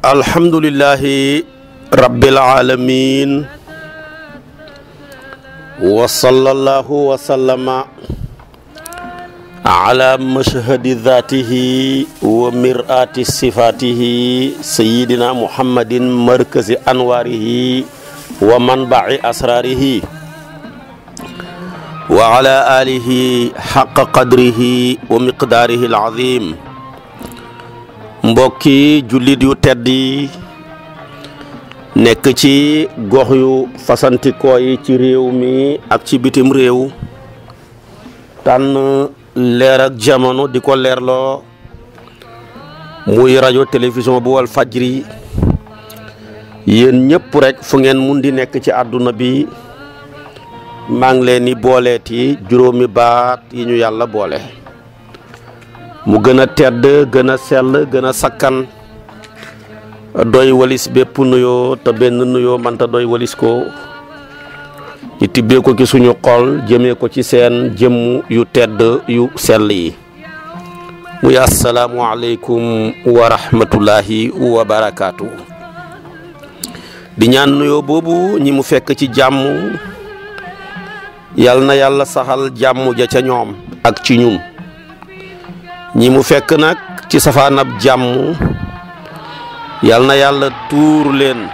alhamdulillahi rabbil alamin wa sallallahu wa sallama ala mashhadi dhatihi wa mir'ati sifatihi sayyidina muhammadin markazi anwarihi wa manba'i asrarihi wa ala alihi haqqa qadrihi wa miqdarihi al-azim mbokki jullit yu tedd yi nekk ci gox yu fasantikoo yi ci réew mi ak ci bitim réew tànn leer ak jamono di ko leerloo muy rajo télévision bu wal fajri yéen ñëpp rekk fu ngeen mun di nekk ci àdduna bi maa ngi leen di booleeti juróomi baat yi ñu yàlla boole mu gën a tedd gën a sell gën a sakkan doy walis bépp nuyoo te benn nuyoo manta doy walis ko ci tibbee ko ci suñu xol jëmee ko ci seen jëmm yu tedd yu sell yi muy asalaamu aleykum wa rahmatullahi wa di ñaan nuyoo boobu ñi mu fekk ci jàmm yal na yàlla saxal jàmm ja ca ñoom ak ci ñun ñii mu fekk nag ci safaanab jàmm yal na yàlla tuur leen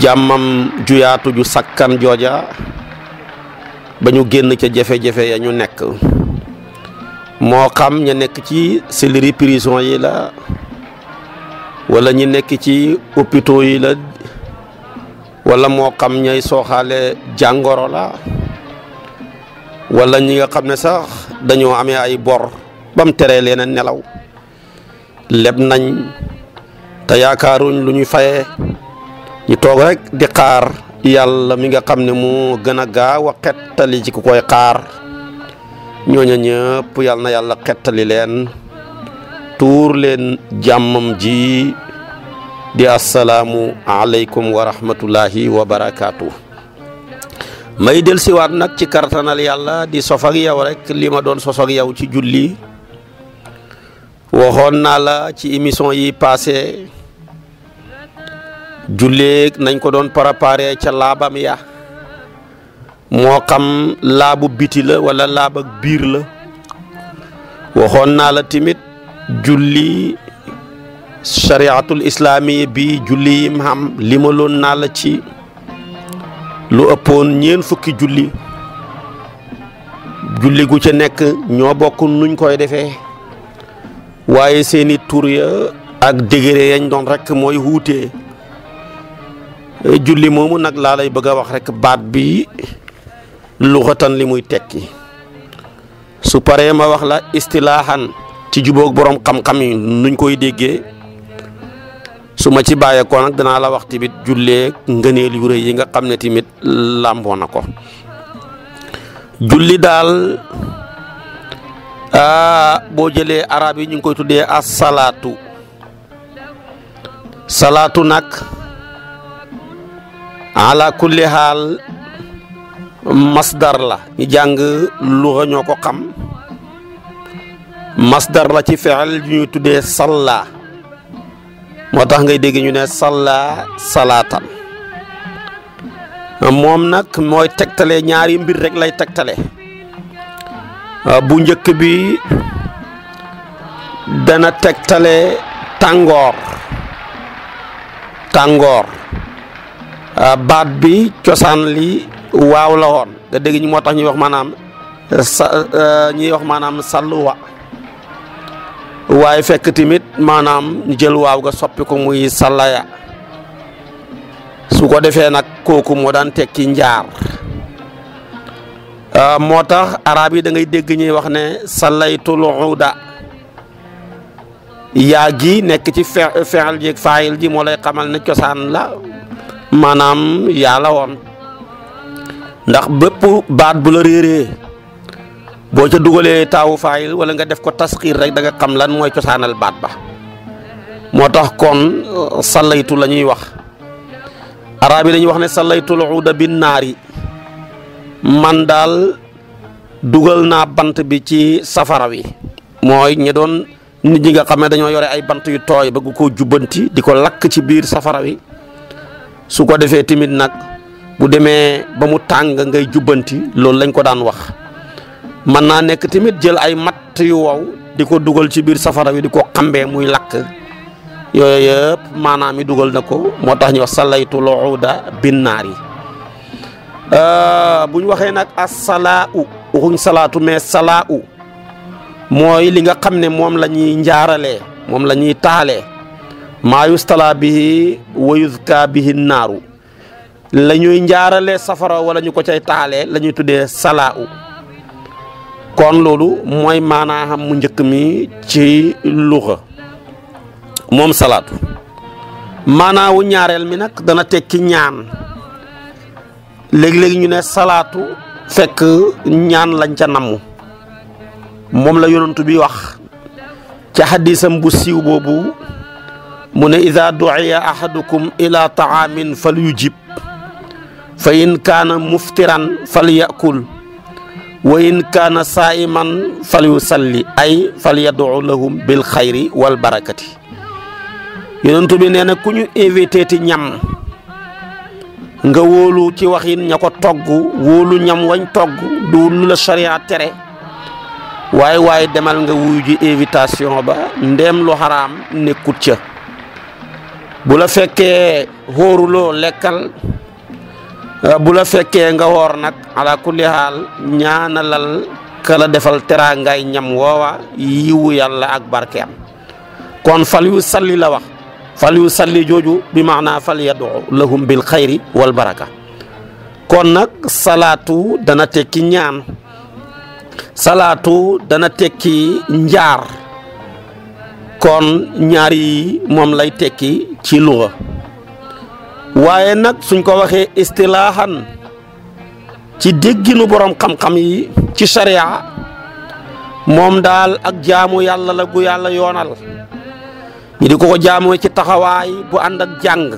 jàmmam juyaatu ju sakkan jooja ba ñu génn ca jafe-jafe ya ñu nekk moo xam ña nekk ci seliri prison yi la wala ñi nekk ci hôpitaux yi la wala moo xam ñay sooxaale jàngoro la wala ñi nga xam ne sax dañoo amee ay bor ba mu teree leen a nelaw leb nañ te yaakaaruñ lu ñuy fayee ñu toog rek di xaar yàlla mi nga xam ne mu gën a gaaw a xettali ci ku koy xaar ñooña ñëpp yàlla na yàlla xettali leen tuur leen jàmmam ji di asalaamu aleykum wa rahmatullahi wa barakaatu. may del siwaat nag ci kartanal yàlla di sof ak yow rek li ma doon sosoog yow ci julli waxoon naa la ci émission yi passé julleeg nañ ko doon préparé ca laabam ya moo xam laabu biti la wala laab biir la waxoon naa la tamit julli chariatul islaami bi julli yim xam limaloon naa la ci lu ëppoon ñeen fukki julli julli gu ca nekk ñoo bokk nuñ koy defee waaye seeni tur ya ak degré yañ doon rekk mooy wuute julli moomu nag laa lay bëgg a wax rek baat bi luxatan li muy tekki su paree ma wax la istilaahan ci jubóog boroom xam-xam yi nuñ koy déggee su ma ci bàyyeekoo nag danaa la wax tamit jullee ngëneel yu rëy yi nga xam ne tamit làmboo na ko julli daal ah boo jëlee arab yi ñu ngi koy tuddee as salaatu salaatu nag ala kulli xaal masdar la ñu jàng luxa ñoo ko xam masdar la ci fexel ñu tuddee salla moo tax ngay dégg ñu ne salla salaatan moom nag mooy tegtale ñaari mbir rek lay tegtale Euh, bu njëkk bi dana tegtale tàngoor tàngoor euh, baat bi cosaan li waaw la woon nga dégg ñi moo tax ñuy wax maanaam euh, sa ñuy wax maanaam sàlluwa waaye fekk tamit maanaam ñu jël waaw nga soppi ko muy sàllaya su ko defee nag kooku moo daan tekki njaar Euh, moo tax araab yi da ngay dégg ñuy wax ne salaytul uda yaa gi nekk ci fe fexel ji faayil ji moo lay xamal ne cosaan la maanaam yaa la woon ndax bépp baat bu la réeree boo ca dugalee taawu faayil wala nga def ko tasxiir rek danga xam lan mooy cosaanal baat ba moo tax kon salaytu la ñuy wax arab yi dañuy wax ne salaytul uda bin naari man daal dugal naa bant bi ci safara wi mooy ñi doon nit ñi nga xam ne dañoo yore ay bant yu tooy bëgg koo jubbanti di ko lakk ci biir safara wi su ko defee tamit nag bu demee ba mu tàng ngay jubbanti loolu lañ ko daan wax mën naa nekk tamit jël ay mat yu wow di ko dugal ci biir safara wi di ko xambee muy lakk yooyu yëpp maanaam yi dugal na ko moo tax ñu wax sallaytu luuda binnaar yi Euh, bu ñu waxee nag asalaau waxuñ salaatu mais salaau mooy li nga xam ne moom la ñuy njaaralee moom la ñuy taalee maa yustala bihi wa yuzka bihi naaru lañuy njaarale safara wala ñu ko cay taalee la tuddee salaau kon loolu mooy maanaam mu njëkk mi ci luxa moom salaatu maanaa ñaareel mi nag dana tekki ñaan léegi-léegi ñu ne salaatu fekk ñaan lañ ca namm moom la yonantu bi wax ci xadisam bu siiw boobu mu ne ida duiya ahadukum ila taamin fal yujib fa in kaana muftiran fal yakul wa in kaana saaiman fal yusalli ay fal yaduu lahum bil xayri wal barakati yonantu bi nee ku ñu invité ñam nga wóolu ci waxin ña ko togg wóolu ñam wañ togg du lu la sariya tere waaye waaye demal nga wuyu invitation ba ndem lu xaraam nekkut ca bu la fekkee xóoruloo lekkal euh, bu la fekkee nga woor nag ala kulli xaal ñaanalal kala defal teraangaay ñam woowa yiwu yàlla ak barkeem kon fal yu salli la wax fal yu salli jooju bi maanaa fal yadu lahum bil xayri wal baraka kon nag salaatu dana tekki ñaan salaatu dana tekki njaar kon ñaar yi moom lay tekki ci luga waaye nag suñ ko waxee istilaahan ci dégginu boroom xam-xam yi ci sharia moom daal ak jaamu yàlla la gu yàlla yoonal ñi di ko ko jaamoo ci taxawaay bu ànd ak jàng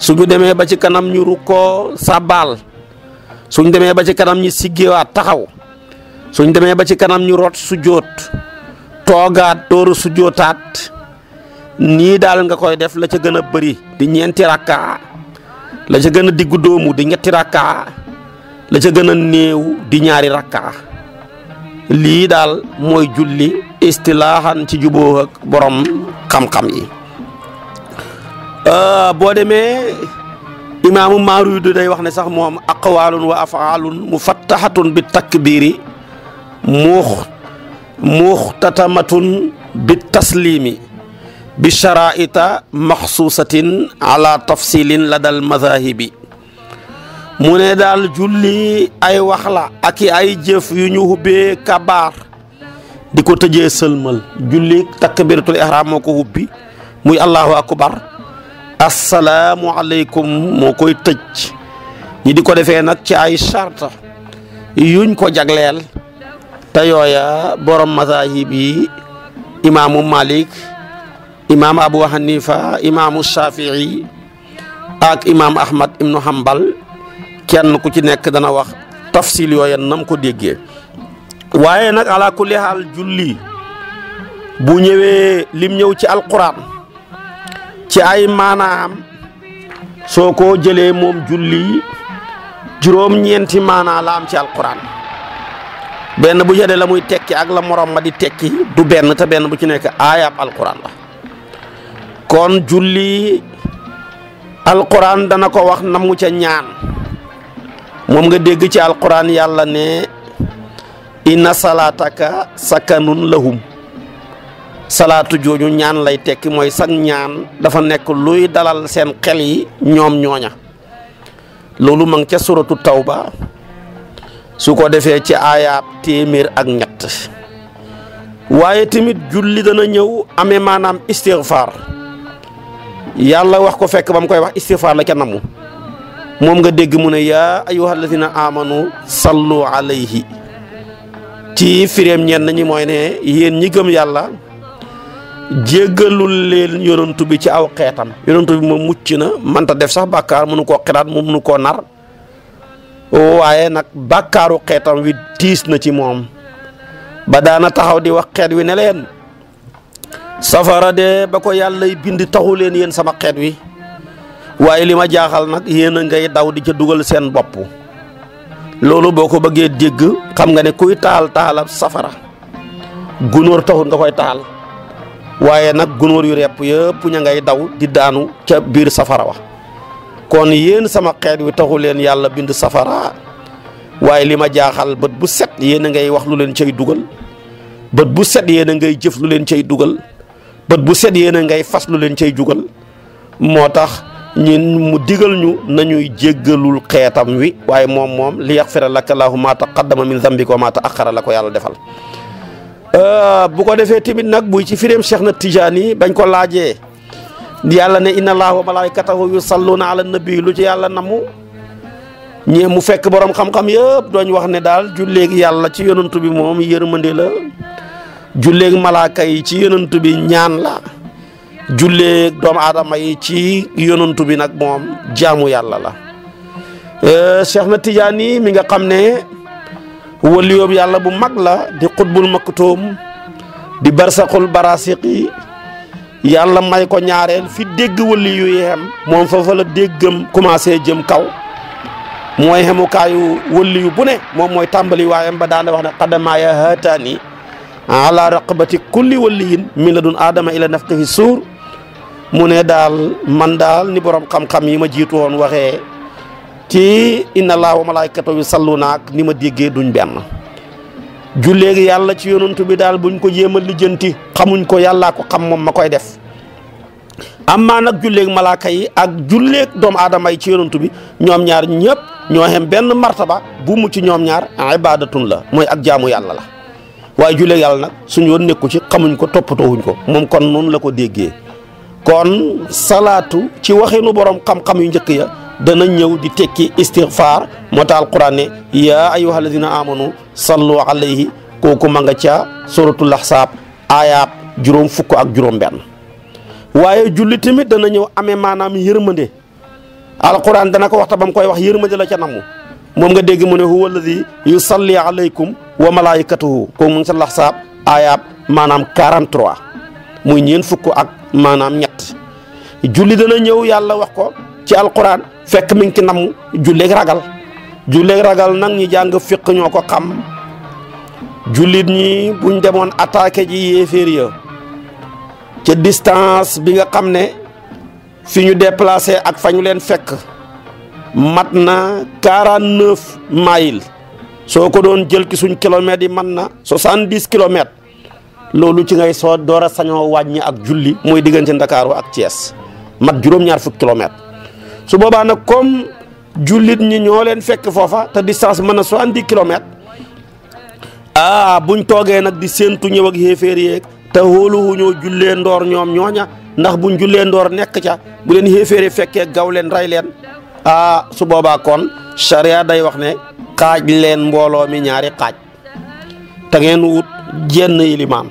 suñu demee ba ci kanam ñu rukkoo sàbbaal suñ demee ba ci kanam ñu siggiwaat taxaw suñ demee ba ci kanam ñu root su jóot toogaat dóoru su jóotaat nii daal nga koy def la ca gën a bëri di ñeenti rakka la ca gën a diggu dóomu di ñetti rakka la ca gën a néew di ñaari rakka lii daal mooy julli istilaaxan ci juboo borom xam-xam yi euh, boo demee imaamu Maaruudi day wax ne sax moom aqwaalun wa afaalun mufattahatun bi takbiri muux muxtatamatun bi taslimi bi sharaita maxsuusatin ala tafsilin ladal mazahibi mu ne daal julli ay wax ak i ay jëf yu ñu hubbee kabaar di ko tëjee sëlmal julli takbiratul ihram moo ko hubbi muy allahu akbar assalaamu aleykum moo koy tëj ñi di ko defee nag ci ay charta yuñ ko jagleel te yooya borom mazahib imaamu malik imaam abu hanifa imaamu shafii ak imaam ahmad ibnu hambal kenn ku ci nekk dana wax tafsil yooya nam ko déggee waaye nag ala kulli haal julli bu ñëwee lim ñëw ci alquran ci ay am soo ko jëlee moom julli juróom-ñeenti maanaa la ci alquran benn bu jëlee la muy tekki ak la morom ma di tekki du benn te benn bu ci nekk aayab alquran la kon julli alquran dana ko wax namu ca ñaan. moom nga dégg ci alxuraan yàlla ne inna salaataka sakanun lahum salaatu jooju ñaan lay tekki mooy sax ñaan dafa nekk luy dalal seen xel yi ñoom ñooña loolu mag ngi ca suratu ba su ko defee ci aayaab téeméer ak ñett waaye tamit julli dana ñëw amee maanaam istighfar yàlla wax ko fekk ba mu koy wax istighfar la ca namu moom nga dégg mu ne yaa ayyuha alladina amanu sallu alayhi ci firéem ñenn ñi mooy ne yéen ñi gëm yàlla jéggalul leen yonantu bi ci aw xeetam yonantu bi moom mucc na manta def sax bàkkaar mënu koo xiraat mu koo nar waaye nag bàkkaaru xeetam wi tiis na ci moom ba daana taxaw di wax xeet wi ne leen safara de ba ko yàllay bind taxu leen yéen sama xeet wi waaye li ma jaaxal nag yéen ngay daw di ca dugal seen bopp loolu boo ko bëggee dégg xam nga ne kuy taal taalab safara gunóor taxut nga koy taal waaye nag gunóor yu repp yëpp ña ngay daw di daanu ca biir safara wa kon yéen sama xeet wi taxu leen yàlla bind safara waaye li ma jaaxal bët bu set yéen ngay wax lu leen cay dugal bët bu set yéen ngay jëf lu leen cay dugal bët bu set yéen ngay fas leen cay jugal moo tax ñun mu digal ñu nañuy jéggalul xeetam wi waaye moom moom li yaxfira laka llaahu maa taqaddama min zambika wa maa taaxara la ko yàlla defal euh, bu ko defee tamit nag buy ci firéem Cheikh na Tijaani bañ ko laaje yàlla ne inna allaaha wa malaikatahu yusalluuna ala nabi lu ci yàlla namu ñee mu fekk boroom xam-xam yëpp dooñ wax ne daal julleeg yàlla ci yonantu bi moom yërmande la julleeg malaaka yi ci yonantu bi ñaan la jullee doomu aadama yi ci yonantu bi nag moom jaamu yàlla la euh, Cheikh na Tidiane mi nga xam ne waliyoob yàlla bu mag la di xutbul maktoom di barsaqul barasiqi yàlla may ko ñaareel fi dégg wali yu yem moom foofa la déggam commencé jëm kaw mooy xemukaayu wali yu bu ne moom mooy tàmbali waayam ba daana wax ne xadamaaya haataani ala raqabati kulli waliyin min ladun aadama ila nafqihi suur mu ne daal man daal ni boroom xam-xam yi ma jiitu woon waxee ci inna allaha wa malaikatahu yusalluna ak ni ma déggee duñ benn julleegi yàlla ci yonantu bi daal buñ ko jéem a lijjanti xamuñ ko yàllaa ko xam moom ma koy def amma nag julleeg malaaka yi ak julleeg doomu aadama yi ci yonantu bi ñoom ñaar ñëpp ñoo xem benn martaba bu mu ci ñoom ñaar ibadatun la mooy ak jaamu yàlla la waaye julleeg yàlla nag suñu yoon nekku ci xamuñ ko toppatoowuñ ko moom kon noonu la ko déggee kon salaatu ci waxinu borom xam-xam yu njëkk ya dana ñëw di tekki istighfar moo tax alquran ne yaa ayuha alladina amanu sallu alayhi kooku ma nga ca suratul ahsaab aayaab juróom fukk ak juróom benn waaye julli tamit dana ñëw amee maanaam yërmande alquran dana ko waxta ba mu koy wax yërmande la ca namu moom nga dégg mu ne huwa alladi yusalli alaykum wa malaikatuhu mu ngi ca maanaam 43 muy ñeen fukk ak maanaam ñett julli dana ñëw yàlla wax ko ci alquran fekk mi ki ci namm julleeg ragal julleeg ragal nag ñi jàng fiq ñoo ko xam jullit ñi buñ demoon attaqué ji yéeféer ya ca distance bi nga xam ne fi ñu déplacé ak fa ñu leen fekk mat na quarante neuf miles soo ko doon jël ci suñ kilomètres yi mat na soixante dix kilomètres loolu ci ngay soo door a sañoo wàññi ak julli mooy diggante Ndakaaru ak Thiès. mat juróom-ñaar fukki kilomètre su boobaa nag comme jullit ñi ñoo leen fekk foofa te distance mën a soixante-dix kilomètres ah buñ toogee nag di séentu ñëw ak xéeféer yeeg te wóoluwu ñoo jullee ndoor ñoom ñooña ndax buñ jullee ndoor nekk ca bu leen xéeféer fekkee gaw leen rey leen ah su boobaa kon charia day wax ne xaaj leen mbooloo mi ñaari xaaj te ngeen wut jenn ilimaan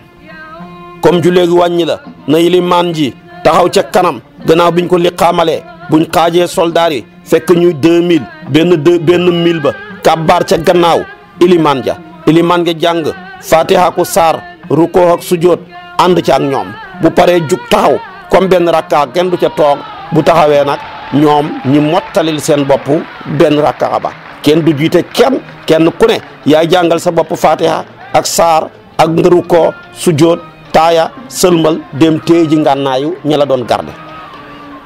comme jullee gi wàññi la na ilimaan ji taxaw ca kanam gannaaw bi ñu ko liqaamalee buñ xaajee soldaar yi fekk ñu deux mille benn deux benn mille ba kàbbaar ca gannaaw ilimaan ja ilimaan ja jàng fatiha ko saar rukoo ak sujoot ànd ca ak ñoom bu paree jug taxaw comme benn rakkaa kenn du ca toog bu taxawee nag ñoom ñi mottalil seen bopp benn rakkaa kenn du jiite kenn kenn ku yaay jàngal sa bopp fatiha ak saar ak nga rukkoo sujoot taaya sëlmal dem téye ji ngànnaayu ña la doon garde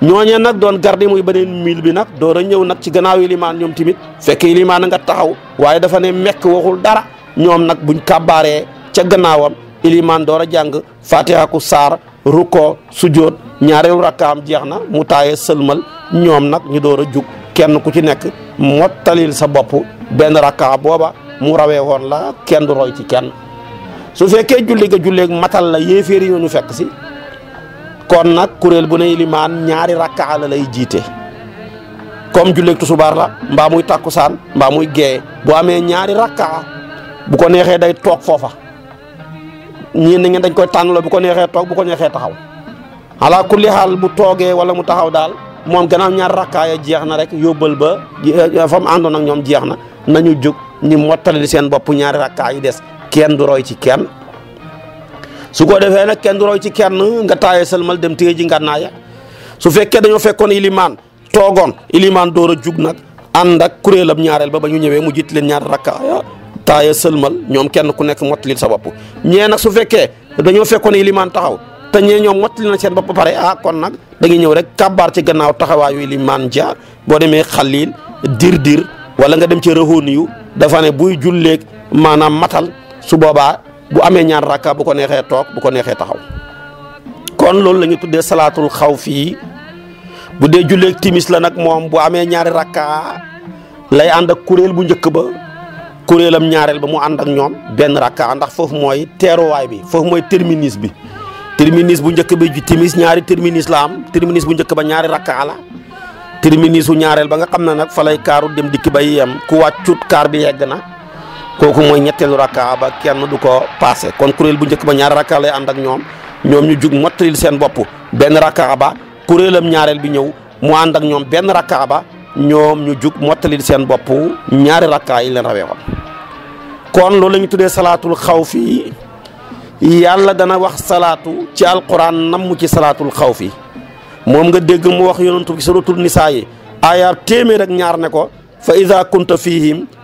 ñooñee nag doon garde muy beneen mil bi nag door a ñëw nag ci gannaaw ilimaan ñoom tamit fekk ilimaan nga taxaw waaye dafa ne mekk waxul dara ñoom nag buñ kàbbaaree ca gannaawam ilimaan door a jàng fatiha ku saar rukkoo sujjoot ñaareelu rakkaam jeex na mu taayee sëlmal ñoom nag ñu door a jug kenn ku ci nekk mottalil sa bopp benn rakkaa booba mu rawee woon la kenn du roy ci kenn su fekkee julli ga julleeg matal la yéeféeri ñoo ñu fekk si kon nag kuréel bu ne ilimaan ñaari rakkaa la lay jiite comme julleeg tusubaar la mbaa muy saan mbaa muy gee bu amee ñaari rakkaa bu ko neexee day toog foofa ñii na ngeen dañ koy tànn bu ko neexee toog bu ko neexee taxaw ala kulli xaal bu toogee wala mu taxaw daal moom gannaaw ñaari rakkaaya jeex na rek yóbbal ba fam mu àndoon ak ñoom jeex na nañu jóg ñu mottali seen boppu ñaari rakkaa yi des kenn du roy ci kenn su ko defee nag kenn du roy ci kenn nga taaye sëlmal dem téye ji ngànnaaya su fekkee dañoo fekkoon ilimaan toogoon ilimaan door a jug nag ànd ak kuréelam ñaareel ba ba ñu ñëwee mu jiit leen ñaar rakkaaya taaye sëlmal ñoom kenn ku nekk mottali sa bopp ñee nag su fekkee dañoo fekkoon ilimaan taxaw te ñee ñoom mottali na seen bopp pare ah kon nag da ñëw rek kàbbaar ci gannaaw taxawaayu ilimaan ja boo demee xalil dir dir wala nga dem ci rëhoon yu dafa ne buy julleeg maanaam matal su boobaa bu amee ñaar rakka bu ko neexee toog bu ko neexee taxaw kon loolu la ñu tuddee salaatul xaw fii bu dee julleeg timis la nag moom bu amee ñaari rakka lay ànd ak kuréel bu njëkk ba kuréelam ñaareel ba mu ànd ak ñoom benn rakka ndax foofu mooy teeruwaay bi foofu mooy terminus bi terminus bu njëkk bi ju timis ñaari terminus la am terminus bu njëkk ba ñaari rakka la terminus bu ñaareel ba nga xam na nag fa lay kaaru dem dikki bay yem ku wàccut kaar bi yegg na kooku mooy ñetteelu rakka ba kenn du ko passé kon kuréel bu njëkk ba ñaari rakka lay ànd ak ñoom ñoom ñu jug mottalil seen bopp benn rakka ba kuréelam ñaareel bi ñëw mu ànd ak ñoom benn rakka ba ñoom ñu jug mottalil seen bopp ñaari rakka yi leen rawee woon kon loolu la ñu tuddee salaatul xawfi yàlla dana wax salaatu ci alquran namm ci salaatul xawfi moom nga dégg mu wax yonentu bi suratul nisaa yi aayaab téeméer ak ñaar ne ko fa ida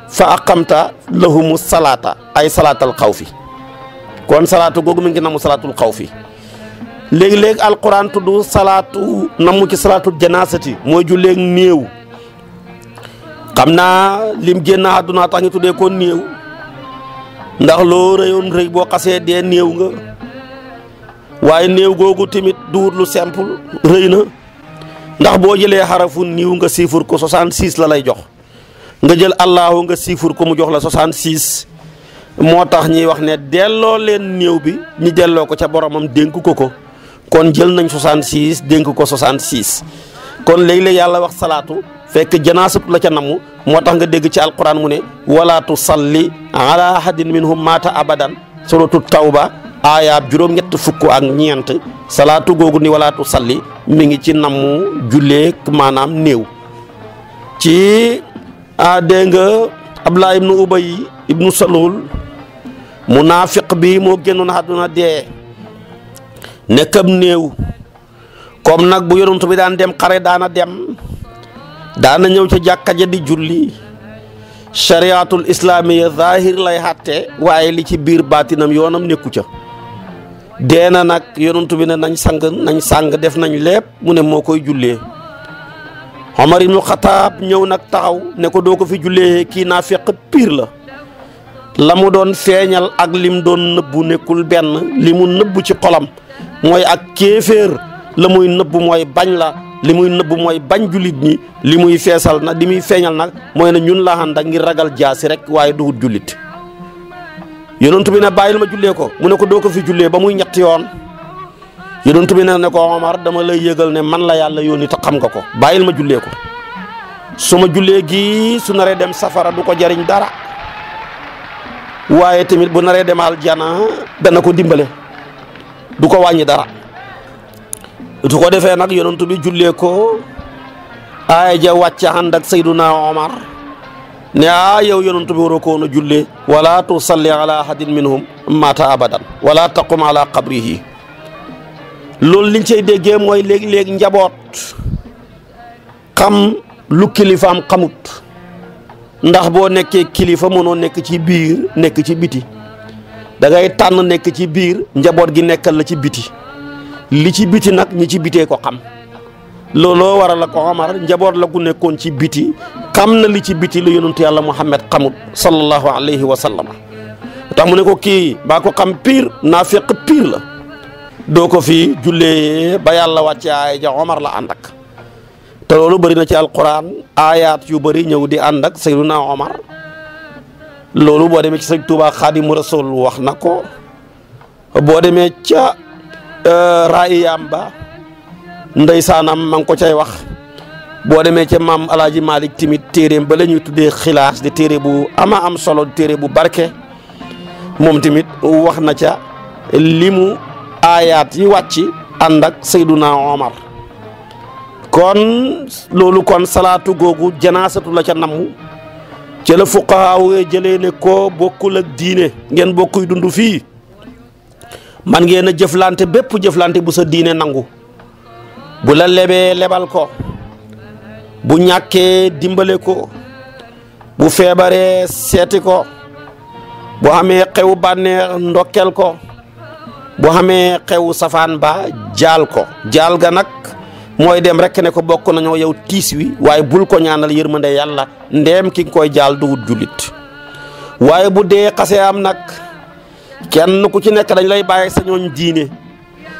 fa aqamta lahumu salaata ay salaatal xawfi kon salaatu googu mi ngi namu salaatul xawfi léegi-léegi alquran tudd salaatu namu ci salaatul janaasati mooy julleeg néew xam naa lim génn àdduna tax ñu tuddee ko néew ndax loo rëyoon rëy boo xasee dee néew nga waaye néew googu tamit duwut lu simple rëy na ndax boo jëlee xarafu niiw nga siifur ko 66 la lay jox nga jël allahu nga siifur ko mu jox la 66 moo tax ñuy wax ne delloo leen néew bi ñu delloo ko ca boromam dénk ko ko kon jël nañ 66 dénk ko 66 kon léegi-léeg yàlla wax salaatu fekk janaasub la ca namu moo tax nga dégg ci alquran mu ne walaatu salli ala ahadin minhum maata abadan suratu tawba aayaab juróom-ñett fukk ak ñeent salaatu googu ni walaatu salli mu ngi ci namu julleek maanaam néew ci ah dégg nga Abdullah ibnu Ubay ibnu Salul munaafiq bi moo na génnoon àdduna dee nekkam néew kom nag bu yonent bi daan dem xare daana dem daana ñëw ca jàkka ja di julli chariatul islaamiya zahir lay xàtte waaye li ci biir baatinam yoonam nekku ca dee na nag yonent bi ne nañ sang nañ sàng def nañu lépp mu ne moo koy jullee Omar ibnu Xataab ñëw nag taxaw ne ko doo ko fi jullee kii naa fekk piir la la mu doon feeñal ak lim doon nëbbu nekkul benn li mu nëbbu ci xolam mooy ak kéeféer la muy nëbbu mooy bañ la li muy nëbbu mooy bañ jullit ñi li muy feesal nag li muy feeñal nag mooy na ñun la ànd ak ngir ragal jaasi rek waaye duhut jullit yonent bi ne bàyyil ma jullee ko mu ne ko doo ko fi jullee ba muy ñetti yoon yonent bi nag ne ko Omar dama lay yëgal ne man la yàlla yónni te xam nga ko bàyyil ma jullee ko su ma jullee gi su naree dem safara du ko jariñ dara waaye tamit bu naree dem aljana dana ko dimbale du ko wàññi dara su ko defee nag yonent bi jullee ko aaya ja wàcc ànd ak sayduna Omar ne a ah, yow yonent bi waroo ko woon a jullee wala tusalli ala ahadin minhum mata abadan wala taqum ala qabrihi loolu liñ cay déggee mooy léegi-léegi njaboot xam lu kilifaam xamut ndax boo nekkee kilifa mënoo nekk ci biir nekk ci biti dangay tànn nekk ci biir njaboot gi nekkal la ci biti li ci biti nag ñi ci bitee ko xam looloo waral la ko xamar njaboot la ku nekkoon ci biti xam na li ci biti lu yonentu yàlla Muhammad xamut sallallahu alayhi wa tax mu ne ko kii baa ko xam pire naa fekk pire la doo ko fi jullee ba yàlla wàcce aaya Omar la ànd ak te loolu bëri na ci alquran ayaat yu bari ñëw di ànd ak Seyduna Omar loolu boo demee ci sëñ Tuubaa Xaadimu Rasul wax na ko boo demee ca e, raayam ba ndeysaanam ma ngi ko cay wax boo demee ca maam El Hadj tamit téereem ba ñuy tuddee xilaas di téere bu ama am solo di téere bu barke moom tamit wax na ca limu aayaat yi wàcc ànd ak sayduna omar kon loolu kon salaatu googu janaasatu la ca namm ci la fuqahaaw yee jëlee ne koo bokkul ak diine ngeen bokkuy dund fii man ngeen a jëflante bépp jëflante bu sa diine nangu bu la lebee lebal ko bu ñàkkee dimbale ko bu feebaree seeti ko bu amee xew bànneex ndokkel ko boo xamee xewu safaan ba jaal ko jaal ga nag mooy dem rekk ne ko bokk nañoo yow tiis wi waaye bul ko ñaanal yërmande yàlla ndeem ki nga koy jaal duwut jullit waaye bu dee xasee am nag kenn ku ci nekk dañ lay bàyyi sa ñooñ diine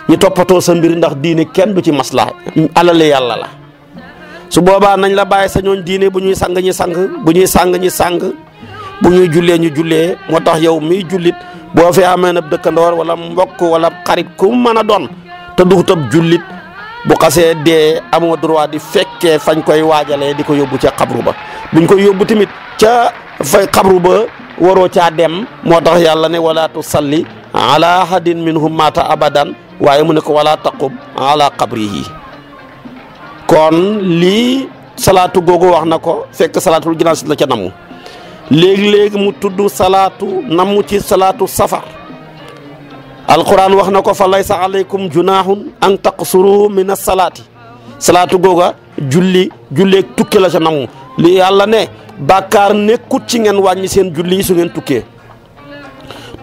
ñu toppatoo sa mbir ndax diine kenn du ci maslaa alale yàlla la su boobaa nañ la bàyyi sa ñooñ diine bu ñuy sang ñi sang bu ñuy sang ñi sang bu ñuy jullee ñu jullee moo tax yow miy jullit boo fi amee nag dëkkandoor wala mbokk wala xarit ku mën a doon te duxut ab jullit bu xasee dee amoo droit di fekkee fañ koy waajalee di ko yóbbu ca xabru ba buñ koy yóbbu tamit ca fay xabru ba waroo ca dem moo tax yàlla ne wala tusalli ala ahadin minhum maata abadan waaye mu ne ko wala taqub xabri yi kon lii salaatu googu wax na ko fekk salaatul jinaas la ca namu léegi-léegi mu tudd salaatu namm ci salaatu safar alquran wax na ko fa lay laysa aleykum junahun an taqsuru min salaati salaatu googa julli julleeg tukki la ca namm li yàlla ne bàkkaar nekkut ci ngeen wàññi seen julli yi su ngeen tukkee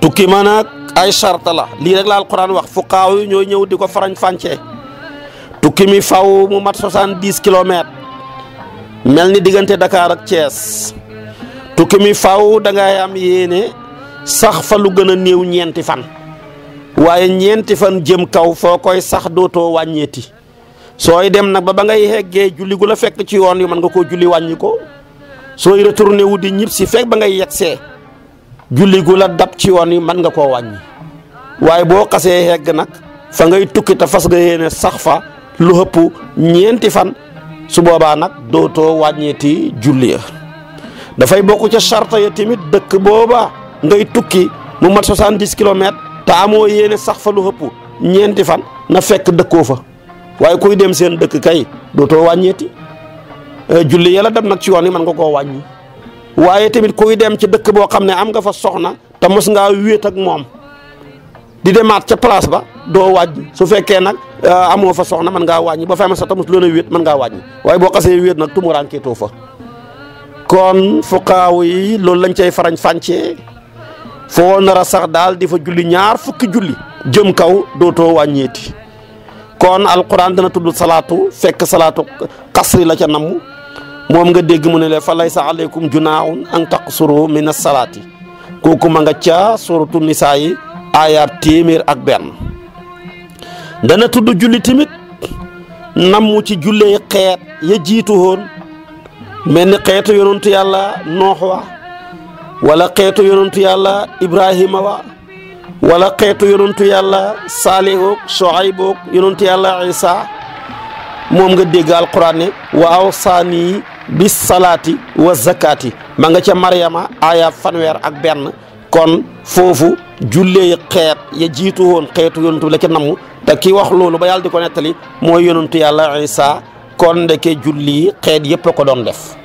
tukki ma nag ay charta la lii rek la alquran wax fuqaaw yi ñooy ñëw di ko farañ fàncee tukki mi faw mu mat soixante-dix mel ni diggante Dakar ak Thiès tukki mi faw da am yéene sax fa lu gën a néew ñeenti fan waaye ñeenti fan jëm kaw foo koy sax dootoo wàññeeti sooy dem nag ba ba ngay yeggee julli gu la fekk ci yoon yu mën nga koo julli wàññi ko sooy retourné wu di ñib si fekk ba ngay yeggsee julli gu la dab ci yoon yi mën nga koo wàññi waaye boo xasee yegg nag fa ngay tukki te fas nga yéene sax fa lu ëpp ñeenti fan su boobaa nag dootoo wàññeeti julli ya dafay bokk ca charta ya tamit dëkk booba ngay tukki mu mat soixante-dix kilomètres te amoo yéene sax fa lu ëpp ñeenti fan na fekk dëkkoo fa waaye kuy dem seen dëkk kay dootoo wàññeeti euh, julli yàlla dem nag ci yoon yi mën nga koo wàññi waaye tamit kuy dem ci dëkk boo xam ne am nga fa soxna te mos ngaa wéet ak moom di demaat ca place ba doo wàññi su fekkee nag euh, amoo fa soxna mën ngaa wàññi ba fa am a tamus loona wéet mën ngaa wàññi waaye boo xasee wéet nag tumuraankee too fa kon fuqaaw yi loolu lañ cay farañ fàncee foo nar sax daal di fa julli ñaar fukki julli jëm kaw dootoo wàññeeti kon alquran dana tudd salaatu fekk salaatu xasri la ca namm moom nga dégg mu ne le fa laysa aleykum junaahun an taqsuru min as-salaati kooku nga ca suratu nisaa yi aayaab téeméer ak benn dana tudd julli tamit namm ci jullee xeet ya jiitu woon mel ni xeetu yonantu yàlla noox wala xeetu yonantu yàlla ibrahima wa wala xeetu yonantu yàlla saalihoog soayboog yonantu yàlla isa moom nga dégg alquran ne wa awsaani bi salaati wa zakaati ma nga ce maryama aaya fanweer ak benn kon foofu julleey xeet ya jiitu woon xeetu yonantu bi la ca namm te ki wax loolu ba yàlla di ko nettali mooy yonantu yàlla isa kon ndeke julli xeet yëpp a ko doon def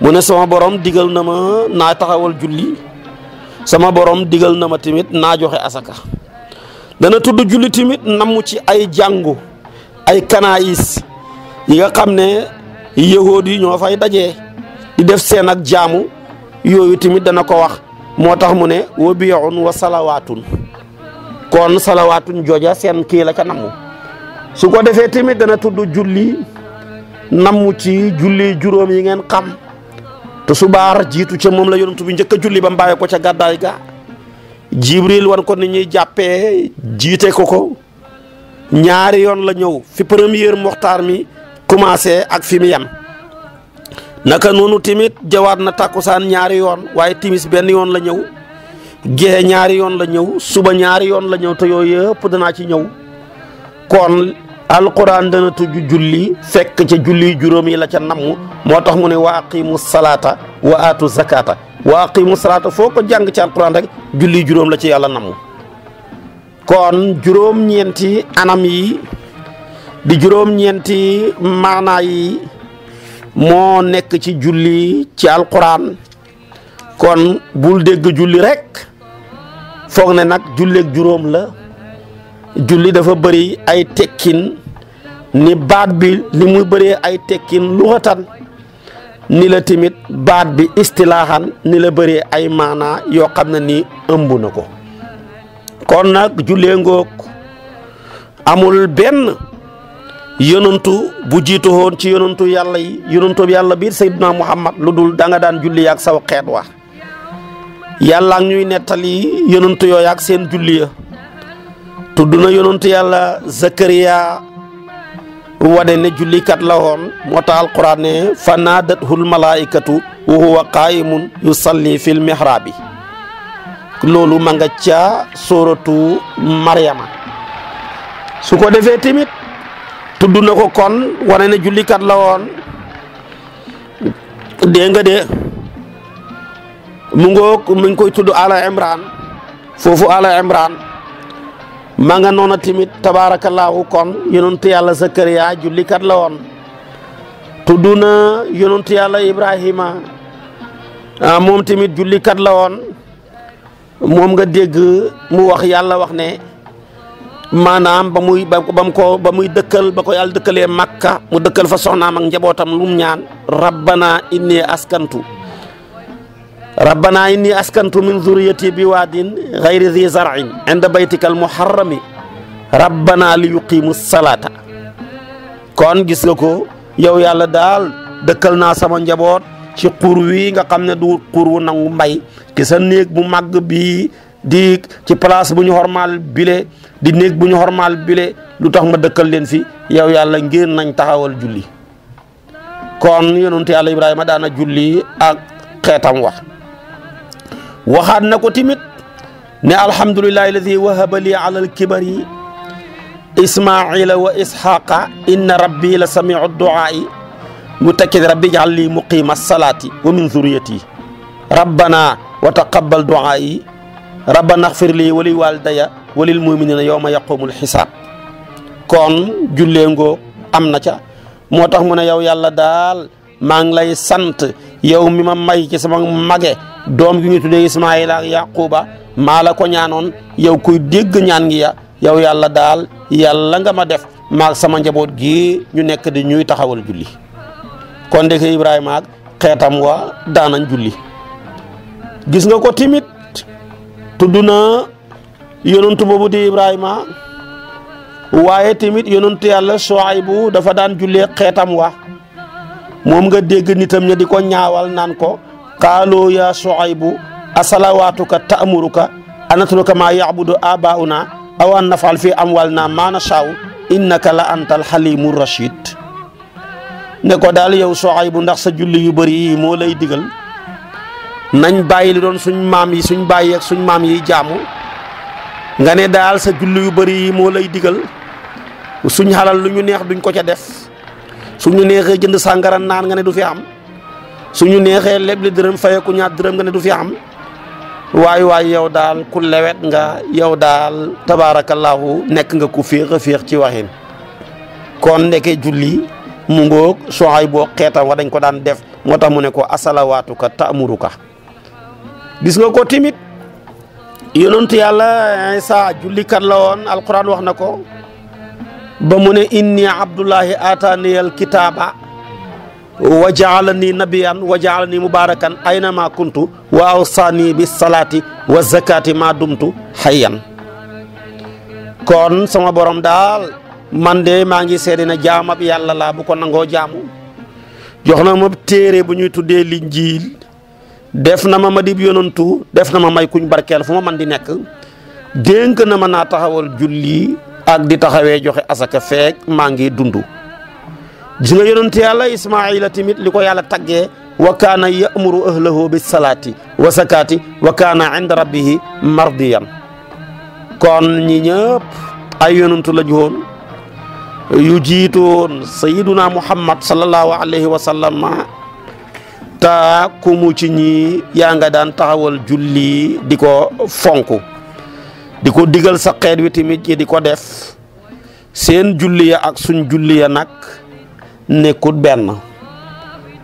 mu ne sama borom digal na ma naa taxawal julli sama borom digal na ma tamit naa joxe asaka dana tudd julli tamit namu ci ay jàngu ay kanaayis yi nga xam ne yahood yi ñoo fay dajee di def seen ak jaamu yooyu tamit dana ko wax moo tax mu ne wa biyoon wa salawaatun kon salawaatun jooja seen kii la ca namu su ko defee tamit dana tudd julli namm ci julli juróom yi ngeen xam te subaar jiitu ca moom la yonent bi njëkk julli ba mu ko ca gàddaay ga jibril wan ko ni ñuy jàppee jiite ko ko ñaari yoon la ñëw fi première moxtaar mi commencé ak fi mu yem naka noonu tamit jawaat na tàkkusaan ñaari yoon waaye timis benn yoon la ñëw gee ñaari yoon la ñëw suba ñaari yoon la ñëw te yooyu yëpp danaa ci ñëw kon alquran dana tuju julli fekk ca julli juróom yi la ca namm moo tax mu ne wa aqimu salaata wa aatu zakata wa aqimu salaata foo ko jàng ci alquran rek julli juróom la ci yàlla namm kon juróom-ñeenti anam yi di juróom-ñeenti maanaa yi moo nekk ci julli ci alquran kon bul dégg julli rek foog ne nag julleeg juróom la julli dafa bari ay tekkin ni baat bi ni muy bëree ay tekkin luxatan ni la tamit baat bi istilaaxan ni la bëree ay maanaa yoo xam ne ni ëmb na ko kon nag jullee ngoog amul benn yonantu bu jiitu woon ci yonantu yàlla yi yonantu yàlla biir Seydina Muhammad lu dul danga daan julli ak saw xeet wa yàlla ak ñuy nettali yonantu yooyu ak seen julli ya tudd na yonantu yàlla zakariya wane ne jullikat la woon moo tax alquran ne fa naadathul malaikatu wa huwa qaimun yusalli fil mihrabi loolu ma nga ca sóoratu maryama su ko defee tamit tudd na ko kon wane ne jullikat la woon dégg nga de mu ngoog mu ngi koy tudd ala imran foofu ala imran ma nga noona tamit tabaarakallaahu kon yonentu yàlla Sakariya jullikat la woon tudd na yonentu yàlla Ibrahima ah, moom tamit jullikat la woon moom nga dégg mu wax yàlla wax ne maanaam ba muy ba mu ko ba muy dëkkal ba ko yàlla dëkkalee Makka mu dëkkal fa soxnaam ak njabootam lu mu ñaan rabbana inni askantu rabbana inni askantu min zurriyati bi waadin gayri zi zar'in inda baytika al muharrami rabbana li yuqimu salaata kon gis nga ko yow yàlla daal dëkkal na sama njaboot ci xur wi nga xam ne du xur wu nangu mbay ci sa néeg bu màgg bi di ci place bu ñu xormaal bile di néeg bu ñu xormaal bile lu tax ma dëkkal leen fi yow yàlla ngir nañ taxawal julli kon yonent yàlla daan a julli ak xeetam wax waxaat na ko tamit ne alhamdulillahi alladi wahaba li ala alkibari ismaila wa ishaqa inna rabbi la samiu duaai mu tekkit rabbi jaal li muqima salaati wa min zuriyati rabbana wa taqabbal duaai rabbana xfir li wali walidaya walil muminina yowma yaqumul xisaab kon jullee ngoo am na ca moo tax mu ne yow yàlla daal maa ngi lay sant yow mi ma may ci sama mage doom gi ñu tuddee Ismaayila ak Yaquba maa la ko ñaanoon yow kuy dégg ñaan gi ya yow yàlla daal yàlla nga ma def maag sama njaboot gi ñu nekk di ñuy taxawal julli kon ndeke Ibrahima ak xeetam wa daanañ julli gis nga ko timit tudd na yonantu boobu di Ibrahima waaye tamit yonantu yàlla Suaybu dafa daan jullee xeetam wa moom nga dégg nitam ña di ko ñaawal naan ko qaaloo yaa bu asalawaatuka ta'muruka an natruka maa ya'budu aabaa'unaa aw an naf'ala fii amwaalinaa maa nashaa'u innaka la antal xaliimu rashid ne ko daal yow Shuaybu ndax sa julli yu bari yi moo lay digal bàyyi li doon suñ maam yi suñ bàyyi suñ maam yi jaamu nga ne daal yu bëri yi moo digal suñ xalal lu ñu neex duñ ko ca def su ñu neexee jënd sàngara naan nga ne du fi am suñu neexee leble dërëm ku ñaar dërëm nga ne du fi am waay waay yow daal ku lewet nga yow daal tabaarakallaahu nekk nga ku féex a ci waxin kon ndeke julli mu ngoog soxay boo xeetam wa dañ ko daan def moo tax mu ne ko asalawaatuka taamuruka gis nga ko timit yonentu yàlla Isa jullikat la woon alquran wax na ko ba mu ne inni abdullahi aataaniyal kitaaba wa jaalani nabiyan wa jaalani mubaarakan aynama kuntu wa awsaani bi salaati wa zakaati ma dumtu xayyan kon sama borom daal man de maa ngi seede na jaamab yàlla laa bu ko nangoo jaamu jox na ma téere bu ñuy tuddee linjiil def na ma ma dib yonantu def na ma may kuñ barkeel fu ma man di nekk dénk na ma naa taxawal julli ak di taxawee joxe asaka feek maa ngi dund gis nga yonent yàlla Ismaayila tamit li ko yàlla taggee wa kaana ya'muru ahlahu bi salaati wa sakaati wa kaana inda rabbihi mardiyan kon ñi ñëpp ay yonentu la joon yu jiitoon sayiduna muhammad sallallahu alayhi wa sallam ta kumu ñi yaa nga daan taxawal julli di ko fonk di ko digal sa xeet wi tamit ñi di ko def seen julli ya ak suñ julli ya nag nekkut benn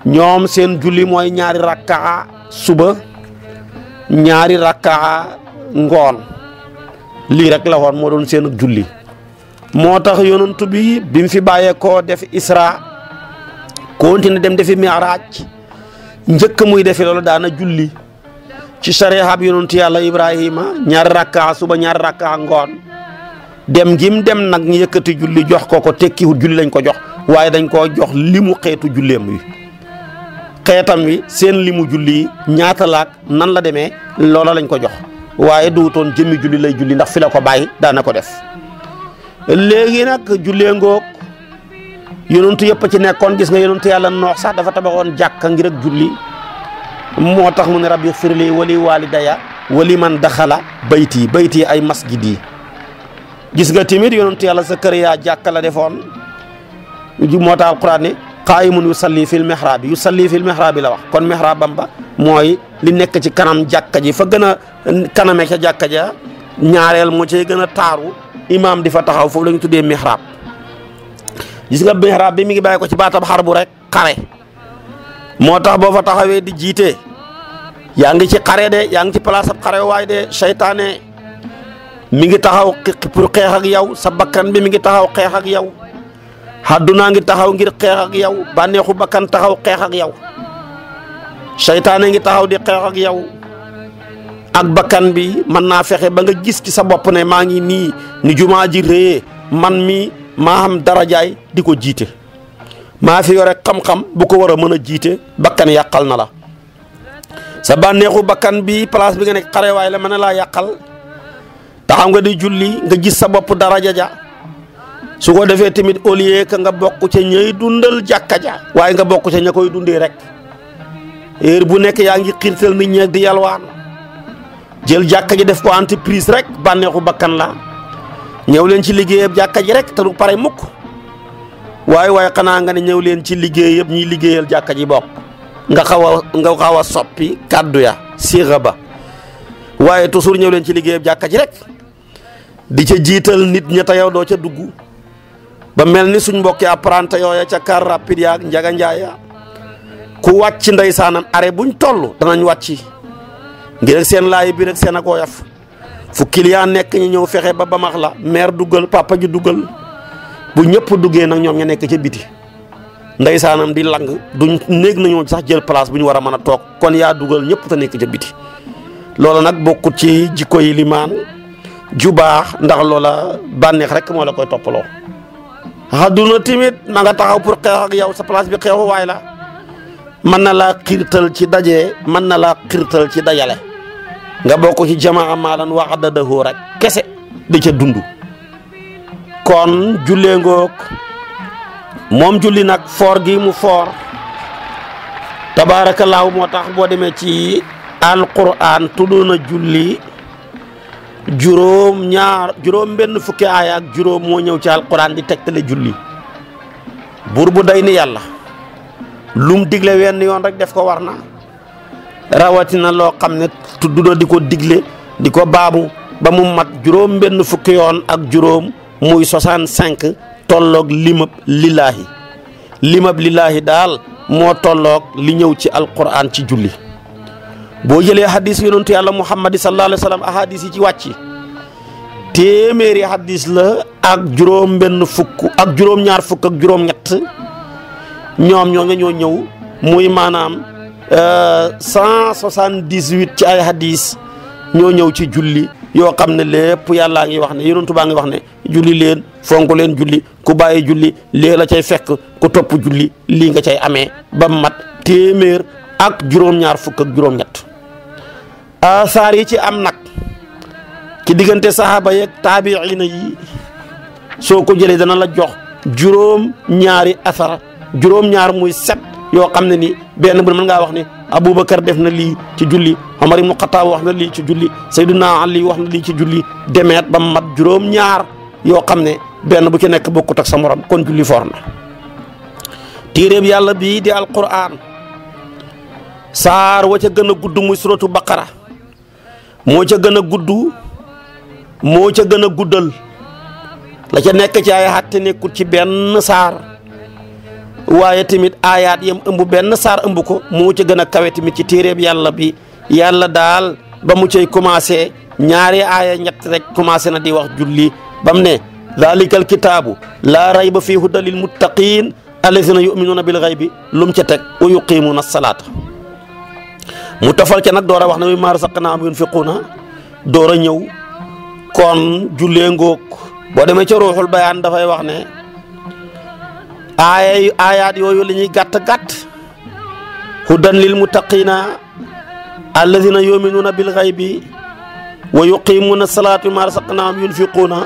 ñoom seen julli mooy ñaari rakkaa suba ñaari rakkaa ngoon lii rek la moo doon seen julli moo tax yonent bi bi mu fi bàyyee koo def isra continué dem defi miraaj njëkk muy defi loolu daana julli ci sarihab yonent yàlla ibrahima ñaar rakkaa suba ñaar rakkaa ngoon dem gim dem nag ñu yëkkati julli jox ko ko tekkiwut julli lañ ko jox waaye dañ koo jox limu xeetu julleem wi xeetam wi seen limu julli ñaata laak nan la demee loola lañ ko jox waaye duutoon jëmmi julli lay julli ndax fi la ko bàyyi daana ko def léegi nag jullee ngoog yonentu yëpp ci nekkoon gis nga yonentu yàlla noox sax dafa tabaxoon jàkka ngirak ak julli moo tax mu ne rabbi firli wali walidaya wali man daxala bayti bayti ay masjid yi gis nga tamit yonentu yàlla sa kër yaa jàkka la defoon moo tax alquran ne qaayimun yusalli fil mihraabi yusalli fil mihraabi la wax kon mihraabam ba mooy li nekk ci kanam jàkka ji fa gën a kaname ca jàkka ja ñaareel moo cay gën a taaru imaam di fa taxaw foofu la tuddee mihraab gis nga mihraab bi mi ngi bàyyi ko ci baatam xar bu rek xare moo tax boo fa taxawee di jiite yaa ngi ci xare de yaa ngi ci place ab xare waay de seytaane mi ngi taxaw pour xeex ak yow sa bakkan bi mi ngi taxaw xeex ak yow naa ngi taxaw ngir xeex ak yow bànneexu bakkan taxaw xeex ak yow seytaane ngi taxaw di xeex ak yow ak bakkan bi mën naa fexe ba nga gis ci sa bopp ne maa ngi nii ni jumaa ji rëyee man mi maa am jaay di ko jiite maa fi yore xam-xam bu ko war a mën a jiite bakkan yàqal na la sa bànneexu bakkan bi place bi nga nekk xarewaay la mën na laa yàqal te xam nga di julli nga gis sa bopp daraja ja su ko defee tamit au lieu que nga bokk ca ñay dundal jàkka ja waaye nga bokk ca ña koy dundee rek heure bu nekk yaa ngi xiirtal nit ñi di yalwaan jël jàkka ji def ko entreprise rek bànneexu bakkan la ñëw leen ci liggéeyam jàkka ji rek te du pare mukk waaye waay xanaa nga ne ñëw leen ci liggéey yëpp ñuy liggéeyal jàkka ji bokk nga xaw a nga xaw a soppi kàddu ya siixa ba waaye toujours ñëw leen ci liggéey yëpp jàkka ji rek di ca jiital nit ña te yow doo ca dugg ba mel ni suñ mbokki apprenti yooya ca car rapide yaag njaga njaaya ku wàcc ndeysaanam are buñ toll danañ wàcci ngir ak seen laay bi rek seen ak woyaf fu client nekk ñu ñëw fexe ba bamax la maire duggal papa ji duggal bu ñëpp duggee nag ñoom ña nekk ca biti ndeysaanam di lang duñ néeg nañoo sax jël place bu ñu war a mën a toog kon yaa dugal ñëpp te nekk ca biti loola nag bokkut ci jikko yi limaan ju baax ndax loola bànneex rek moo la koy toppaloo àdduna timit ma nga taxaw pour xeex ak yow sa place bi xeexu waay la mën na laa xirtal ci daje mën na laa xirtal ci dajale nga bokk ci jamaa maalan waxadadahoo rek kese di ca dund kon jullee ngoog moom julli nag foor gi mu foor laaw moo tax boo demee ci alquran tudd na julli juróom ñaar juróom benn fukki aaya ak juróom moo ñëw ci alquran di tegtale julli buur bu day ni yàlla lum digle wenn yoon rek def ko war na rawatina loo xam ne tudd na di ko digle di ko baamu ba mu mat juróom benn fukki yoon ak juróom muy 65 tolloog limab lillaahi limab lillaahi daal moo tolloog li ñëw ci alquran ci julli boo jëlee hadis yonentu yàlla muhammad sallallahu alayhi wa sallam ahadis yi ci wàcc téeméeri hadis la ak juróom benn fukk ak juróom ñaar fukk ak juróom ñett ñoom ñoo nga ñoo ñëw muy maanaam euh, cent soixante-dix-huit ci ay hadis ñoo ñëw ci julli yoo xam ne lépp yàllaa ngi wax ne yonentu baa ngi wax ne julli leen fonk leen julli ku bàyyi julli lii la cay fekk ku topp julli lii nga cay amee ba mat téeméer ak juróom-ñaar fukk juróom-ñett asaar yi ci am nag ci diggante saxaaba yeeg taabiina yi soo ko jëlee dana la jox juróom-ñaari asar juróom-ñaar muy set yoo xam ne ni benn bu mën ngaa wax ne Aboubacar def na lii ci julli Omar ibnu Xataab wax na lii ci julli Sayduna lii wax na lii ci julli demeet ba mat juróom-ñaar. yoo xam ne benn bu ci nekk bokkut ak sa morom kon julli foor na téeréeb yàlla bii di alquran saar wa ca gën a gudd muy suratu baqara moo ca gën a gudd moo ca gën a guddal la ca nekk ci ay xatte nekkul ci benn saar waaye tamit aayaat yam ëmb benn saar ëmb ko moo ca gën a kawe tamit ci téeréeb yàlla bi yàlla daal ba mu cay commencé ñaari aaya ñett rek commencé na di wax julli ba mu ne daalikal kitaabu laa rayba fii hudan lil muttaqiin allazina yuminuuna bil xaybi lu mu ca teg wa yuqiimuuna salaata mu tofal ca nag door wax ne wi maar saq naa am yunfiquuna door a ñëw kon jullee ngoog boo demee ca ruuxul bayaan dafay wax ne aaya aayaat yooyu la ñuy gàtt-gàtt hudan lil muttaqiina allazina yuminuuna bil xaybi wa yuqiimuuna ma mimmaa razaqnaahum yunfiquuna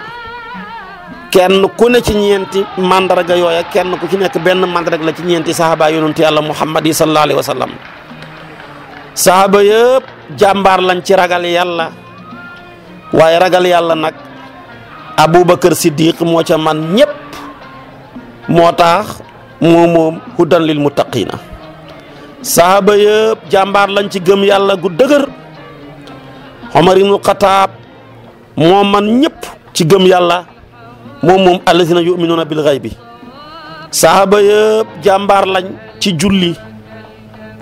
kenn ku ne ci ñeenti màndarga yooya kenn ku ci nekk benn mandarga la ci ñeenti saxaaba yonent yàlla muhammad yi sallallahu alayhi lañ ci ragal yàlla waaye ragal yàlla nag abubakar siddiq moo ca man ñëpp moo tax moo moom hudan lil muttaqina saxaaba yëpp jàmbaar lañ ci gëm yàlla gu dëgër Omar ibnu moo man ñëpp ci gëm yàlla moom moom allazina yuminuuna bil xay bi saxaaba yëpp jàmbaar lañ ci julli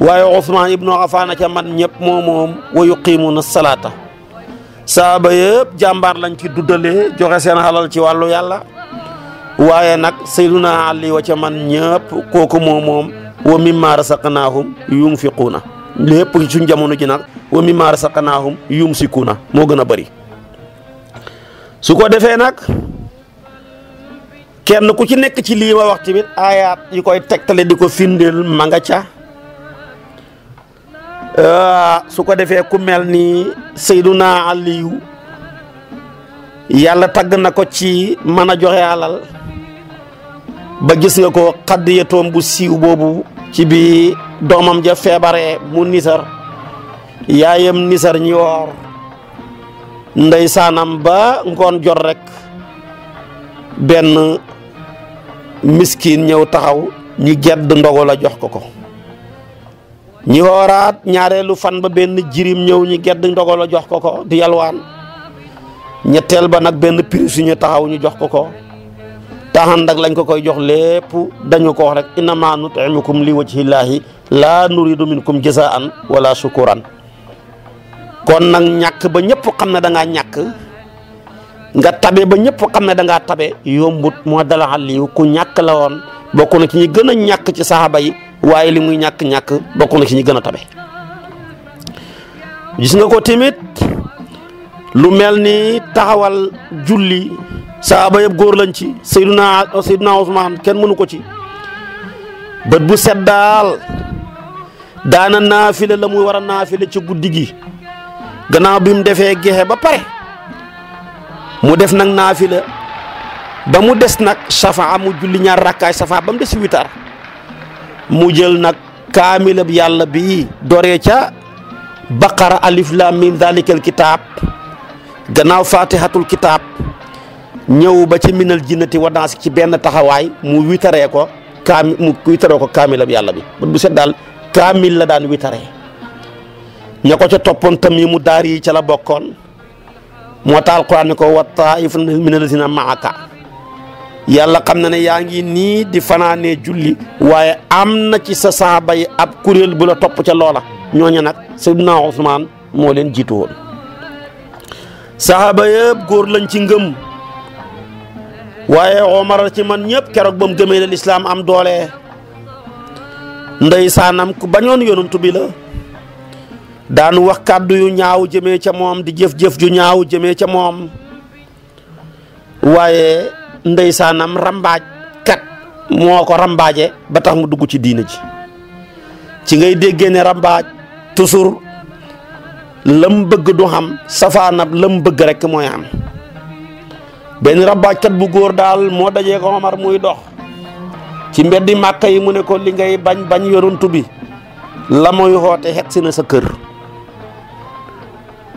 waaye Usmaan ibnu Affaan ca man ñëpp moom moom wa yuqiimuuna salaata saxaaba yëpp jàmbaar lañ ci duddale joxe seen xalal ci wàllu yàlla waaye nag sayyiduna Ali wa ca man ñëpp kooku moom moom wa mimmaa na yunfiquuna lépp suñ jamono ji nag wa mimmaa rasaqnaahum na moo gën a bëri su ko defee nag kenn ku ci nekk ci lii ma wax tamit aayaat yi koy tegtale di ko firndeel ma nga ca euh, su ko defee ku mel ni Seyduna Aliyu yàlla tagg na ko ci mën a joxe alal ba gis nga ko xaddiyatoom bu siiw boobu ci bi doomam ja feebaree mu nisar yaayam nisar ñi woor ndey saanam ba ngoon jot rek benn miskin ñëw taxaw ñi gedd ndogu la jox ko ko ñi wooraat ñaareelu fan ba benn jirim ñëw ñi gedd ndogu la jox ko ko di yalwaan ñetteel ba nag benn pirisu ñu taxaw ñu jox ko ko taxan ak lañ ko koy jox lépp dañu ko wax rek innama nutimukum li wajhillaahi laa nuridu minkum jazaan wala shukuran kon nag ñàkk ba ñëpp xam na da ngaa ñàkk nga tabe ba ñëpp xam ne da ngaa tabe yombut moo dala Aliyu ku ñàkk la woon bokk na ci ñi gën a ñàkk ci saxaaba yi waaye li muy ñàkk-ñàkk bokk na ci ñi gën a tabe si nga ko tamit lu mel ni taxawal julli saxaaba yëpp góor lañ ci Seyduna Seyduna Usmaan kenn mënu ko ci bët bu set daal daana naafile la muy war a naafile ci guddi gi gannaaw bi mu defee gexe ba pare mu def nag naafila ba mu des nag safaa mu julli ñaar rakkaay safaa ba mu des witar mu jël nag kaamilab yàlla bi doree ca baqara alif lam mim dalikal kitaab gannaaw fatihatul kitaab ñëw ba ci minal jinnati wa ci benn taxawaay mu witaree ko kaami mu ko kaamilab yàlla bi bu set daal kaamil la daan witaree ña ko ca toppoon tam mu daar yi ca la bokkoon moo tax alquran ni ko wa taifun min alladina maaka yàlla xam na ne yaa ngi nii di fanaanee julli waaye am na ci sa saaba yi ab kuréel bula la topp ca loola ñooñu nag sayyidina Usmaan moo leen jiitu woon saxaaba yëpp góor lañ ci ngëm waaye Omar ci man ñëpp keroog ba mu gëmee ne lislaam am doole ndey saanam ku bañoon yonantu bi daanu wax kàddu yu ñaaw jëme ca moom di jëf-jëf ju ñaaw jëmee ca moom waaye ndeysaanam rambaaj kat moo ko rambaaje ba tax mu dugg ci diina ji ci ngay déggee ne rambaaj toujours lam bëgg du xam safaanab lam bëgg rek mooy am benn rambaajkat bu góor daal moo dajee ko Omar muy dox ci mbedd màkka yi mu ne ko li ngay bañ bañ yoruntu bi la muy xoote xet na sa kër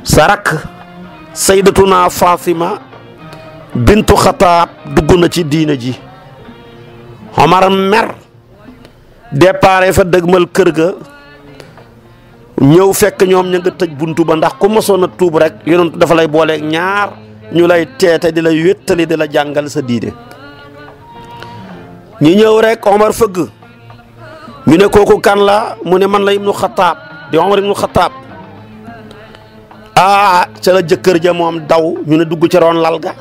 sa rakk saydatuna Fatima bintu Xataab dugg na ci diina ji Omar mer départ fa dëgmal kër ga ñëw fekk ñoom ña nga tëj buntu ba ndax ku mosoon a tuub rek yonent dafa lay boole ñaar ñu lay teete di la wéttali di la jàngal sa diine ñu ñëw rek Omar fëgg ñu ne kooku kan la mu ne man la ibnu Xataab di Omar ibnu Xataab ah ca la jëkkër ja moom daw ñu ne dugg ca lal ga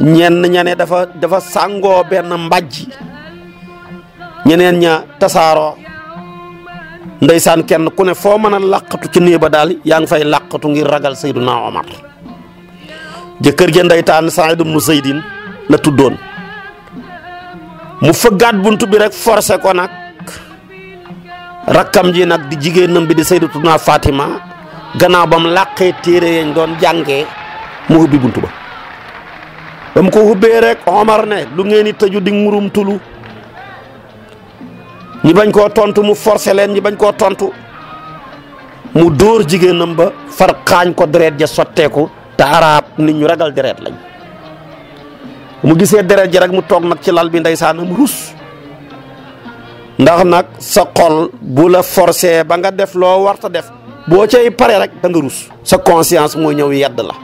ñenn ña dafa dafa sàngoo benn mbàjj ñeneen ña tasaaroo ndeysaan kenn ku ne foo mën a làqatu ci néeg daal yaa ngi fay làqatu ngir ragal Seyduna Omar jëkkër ja ndeytaan Saïd ibnu Zeydin la tuddoon mu fëggaat buntu bi rek forcé ko nag rakkam ji nag di jigéenam bi di Seydatuna Fatima gannaaw ba mu làqee téere yañ doon jàngee mu ubbi buntu ba ba mu ko ubbee rek Omar ne lu ngeen di tëju di murum tulu ñi bañ koo tontu mu forcé leen ñi bañ koo tontu mu dóor jigéenam ba far xaañ ko deret ja sotteeku te arab nit ñu ragal deret lañ mu gisee deret ja rek mu toog nag ci lal bi ndeysaanam rus ndax nag sa xol bu la forcé ba nga def loo warta def boo cay pare rek da nga sa conscience mooy ñëw yedd la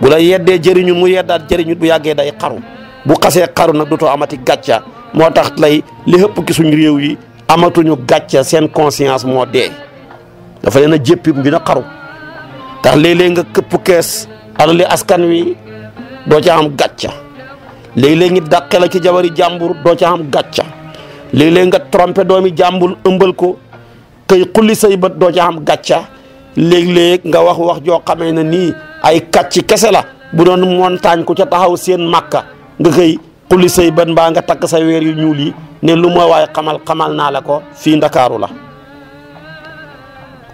bu la yeddee jëriñu mu yeddaat jëriñut bu yàggee day xaru bu xasee xaru nag dootoo amati gàcca moo tax lay li ëpp réew yi amatuñu gàcca seen conscience moo dee dafa leen a jéppi bi na xaru ndax léeg-léeg nga këpp kees alali askan wi doo ca am gàcca léegi léeg ngi dàqe ci jabari jàmbur doo ca am gàcca léeg-léeg nga trompé doomi jàmbur ëmbal ko tey xulli say doo ca am gàcca léeg-léeg nga wax wax joo xamee ne nii ay kàcci kese la bu doon montagne ku ca taxaw seen màkka nga koy xulli say bët mbaa nga takk sa weer yu ñuul yi ne lu moo waaye xamal xamal naa la ko fii ndakaaru la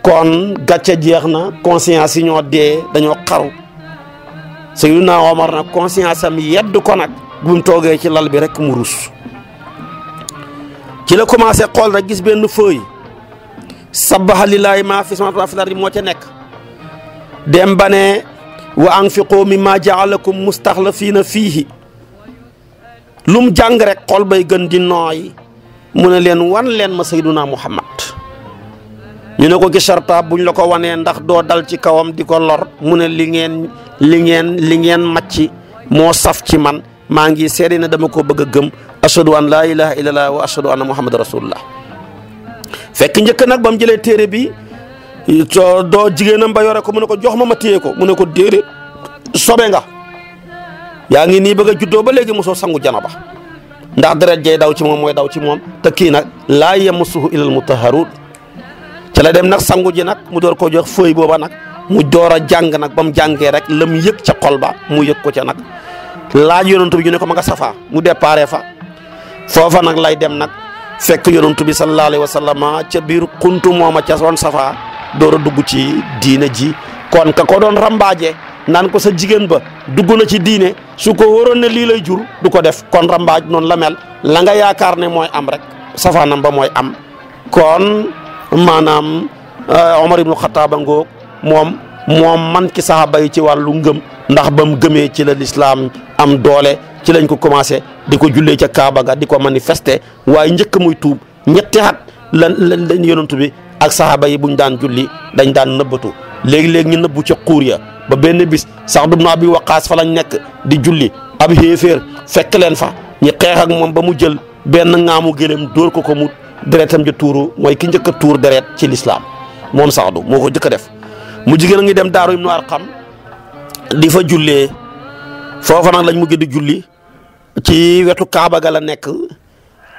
kon gàcca jeex na conscience yi ñoo dee dañoo xaru Seydina Omar nag conscience am yedd ko nag bu mu toogee ci lal bi rek mu rus ci la commencé xool rek gis benn feuille sabbaha lillaahi maa fi samaawaati wa fil ardi moo ca nekk dem ba ne wa anfiqoo mimmaa jaalakum mustaxlafiina fiihi lum jàng rek xool bay gën di nooy mu ne leen wan leen ma sayduna muhammad ñu ne ko ci bu ñu la ko wanee ndax doo dal ci kawam di ko lor mu ne li ngeen li ngeen li ngeen màcc moo saf ci man maa ngi seede na dama ko bëgg a gëm ashadu an laa ilaha illallah wa ashadu anna muhammad rasulullah fekk njëkk nag ba mu jëlee téere bi doo jigéenam ba yore ko mu na ko jox ma ma téye ko mu ne ko déedéet sobe nga yaa ngi nii baga juddoo ba léegi mosoo sangu ba ndax deret jay daw ci moom mooy daw ci moom te kii nag laa yamassuhu illal mutahharun ca la dem nag sangu ji nag mu door koo jox fooy booba nag mu door a jàng nag ba mu jàngee rek la mu yëg ca xol ba mu yëg ko ca nag laaj yonent bi ñu ne ko ma nga safaa mu déparé fa foofa nag lay dem nag. fekk yonantu bi sallallahu alayhi wa ca biir xuntu mooma ca woon safa door a dugg ci diina ji kon ka ko doon rambaaje naan ko sa jigéen ba dugg na ci diine su ko wóoroon ne lii lay jur du ko def kon rambaaj noonu la mel la nga yaakaar ne mooy am rek safaanam ba mooy am kon maanaam euh, Omar ibnu Xataaba ngoog moom moom man ki saxaaba bay ci wàllu ngëm ndax ba mu gëmee ci la lislaam am doole ci lañ ko commencé di ko jullee ca Kaaba ga di ko manifester waaye njëkk muy tuub ñetti at lan lañ yonantu bi ak saxaaba yi buñ daan julli dañ daan nëbbatu léegi-léegi ñu nëbbu ca xuur ya ba benn bis sax dum naa bi waqaas fa lañ nekk di julli ab fekk leen fa ñu xeex ak moom ba mu jël benn ŋaamu gëléem dóor ko ko mu deretam ja tuuru mooy ki njëkk tuur deret ci lislaam moom sax du moo ko njëkk a def mu jigéen a ngi dem daaru ibnu arqam di fa jullee foofa nag lañ mujj di julli ci wetu Kaaba ga la nekk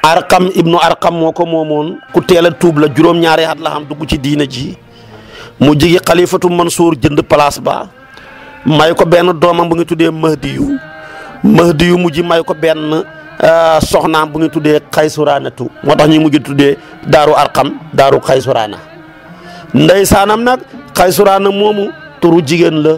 Arqam ibnu Arqam moo ko moomoon ku teel a tuub la juróom-ñaari at la xam dugg ci diina ji mu jigi xalifatu Mansour jënd place ba may ko benn doomam bu ngi tuddee Mahdiyu Mahdiyu mujj may ko benn euh, soxnaam bu ngi tuddee tu moo tax ñu mujj tuddee Daaru Arqam Daaru Xaysuraana ndeysaanam nag Xaysuraana moomu turu jigéen la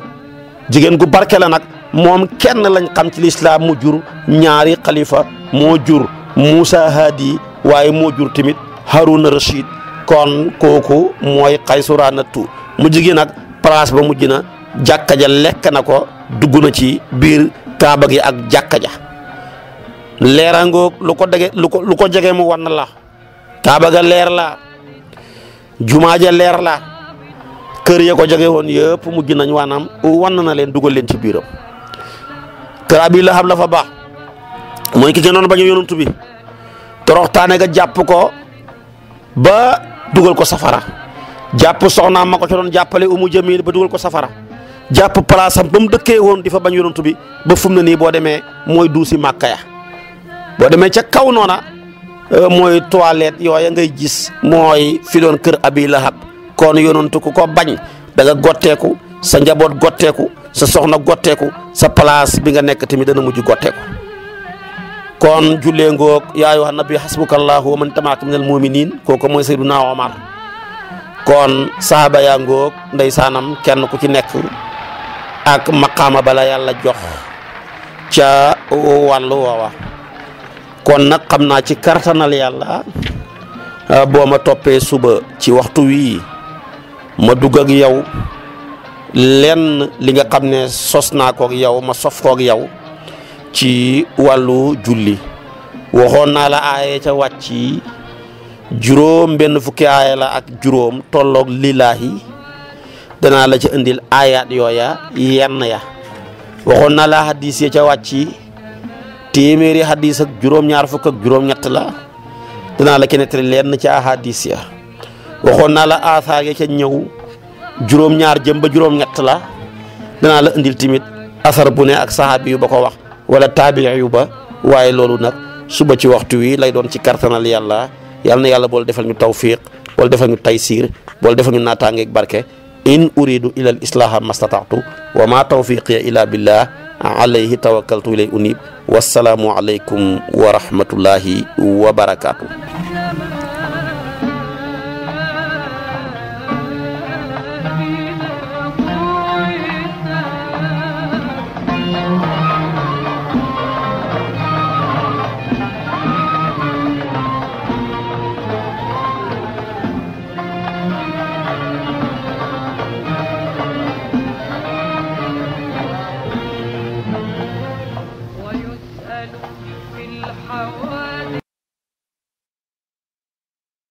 jigéen gu barke la nag. moom kenn lañ xam ci lislaam mu jur ñaari xalifa moo jur Moussa Hadi waaye moo jur tamit Haruna Rachid kon kooku mooy xaysuraanatu mu jigi nag place ba mujj na jàkka ja lekk na ko dugg na ci biir kaaba gi ak jàkka ja leeraangoog lu ko dege lu ko jege mu wan la kaaba ga leer la jumaa ja leer la kër ya ko jege woon yëpp mujj nañ waanaam wan na leen dugal leen ci biiram kër abi lahab la fa baax mooy ki gënoon bañ a bi toroxtaane jàpp ko ba dugal ko safara jàpp soxnaam ma ko jàppale umu jamil ba dugal ko safara jàpp palaasam ba mu dëkkee woon di fa bañ yonent bi ba fu nii boo demee mooy duusi màkka ya boo demee ca kaw noona euh, mooy toilette yooya ngay gis mooy fi doon kër abi lahab kon yonent ku ko bañ da nga sa njaboot gotteeku sa soxna gotteeku sa place bi nga nekk tamit dana mujj gotteeku kon jullee ngoog yaa ayyuhan nabi hasbukallahu wa man tabaaka minal mu'minin kooku mooy Seydunaa Omar kon saaba yaa ngoog ndeysaanam kenn ku ci nekk ak maqaama bala yàlla jox ca wàllu woowa kon nag xam naa ci kartanal yàlla boo ma toppee suba ci waxtu wii ma dugg ak yow lenn li nga xam ne sos naa koog yow ma sof koog yow ci wàllu julli waxoon na la aaye ca wàcc yi juróom benn fukki aaye la ak juróom tolloog lilaahi danaa la ci indil aayaat yooya yenn ya waxoon na la hadis ya ca wàcc yi téeméeri hadis ak juróom-ñaar fukk juróom-ñett la danaa la kenetri lenn ca ahadis ya waxoon naa la aasaar ya ca ñëw juróom-ñaar jëm ba juróom-ñett la danaa la indil tamit asar bu ne ak saxaabi yu ba ko wax wala taabi yu ba waaye loolu nag suba ci waxtu wi lay doon ci kartanal yàlla yàlla na yàlla bool defal ñu tawfiq bool defal ñu taysiir bool defal ñu naataangeeg barke in uridu ila al ma mastataatu wa ma tawfiqiya ila billah alayhi tawakkaltu ilay unib wassalaamu salaam wa rahmatullahi wa barakaatu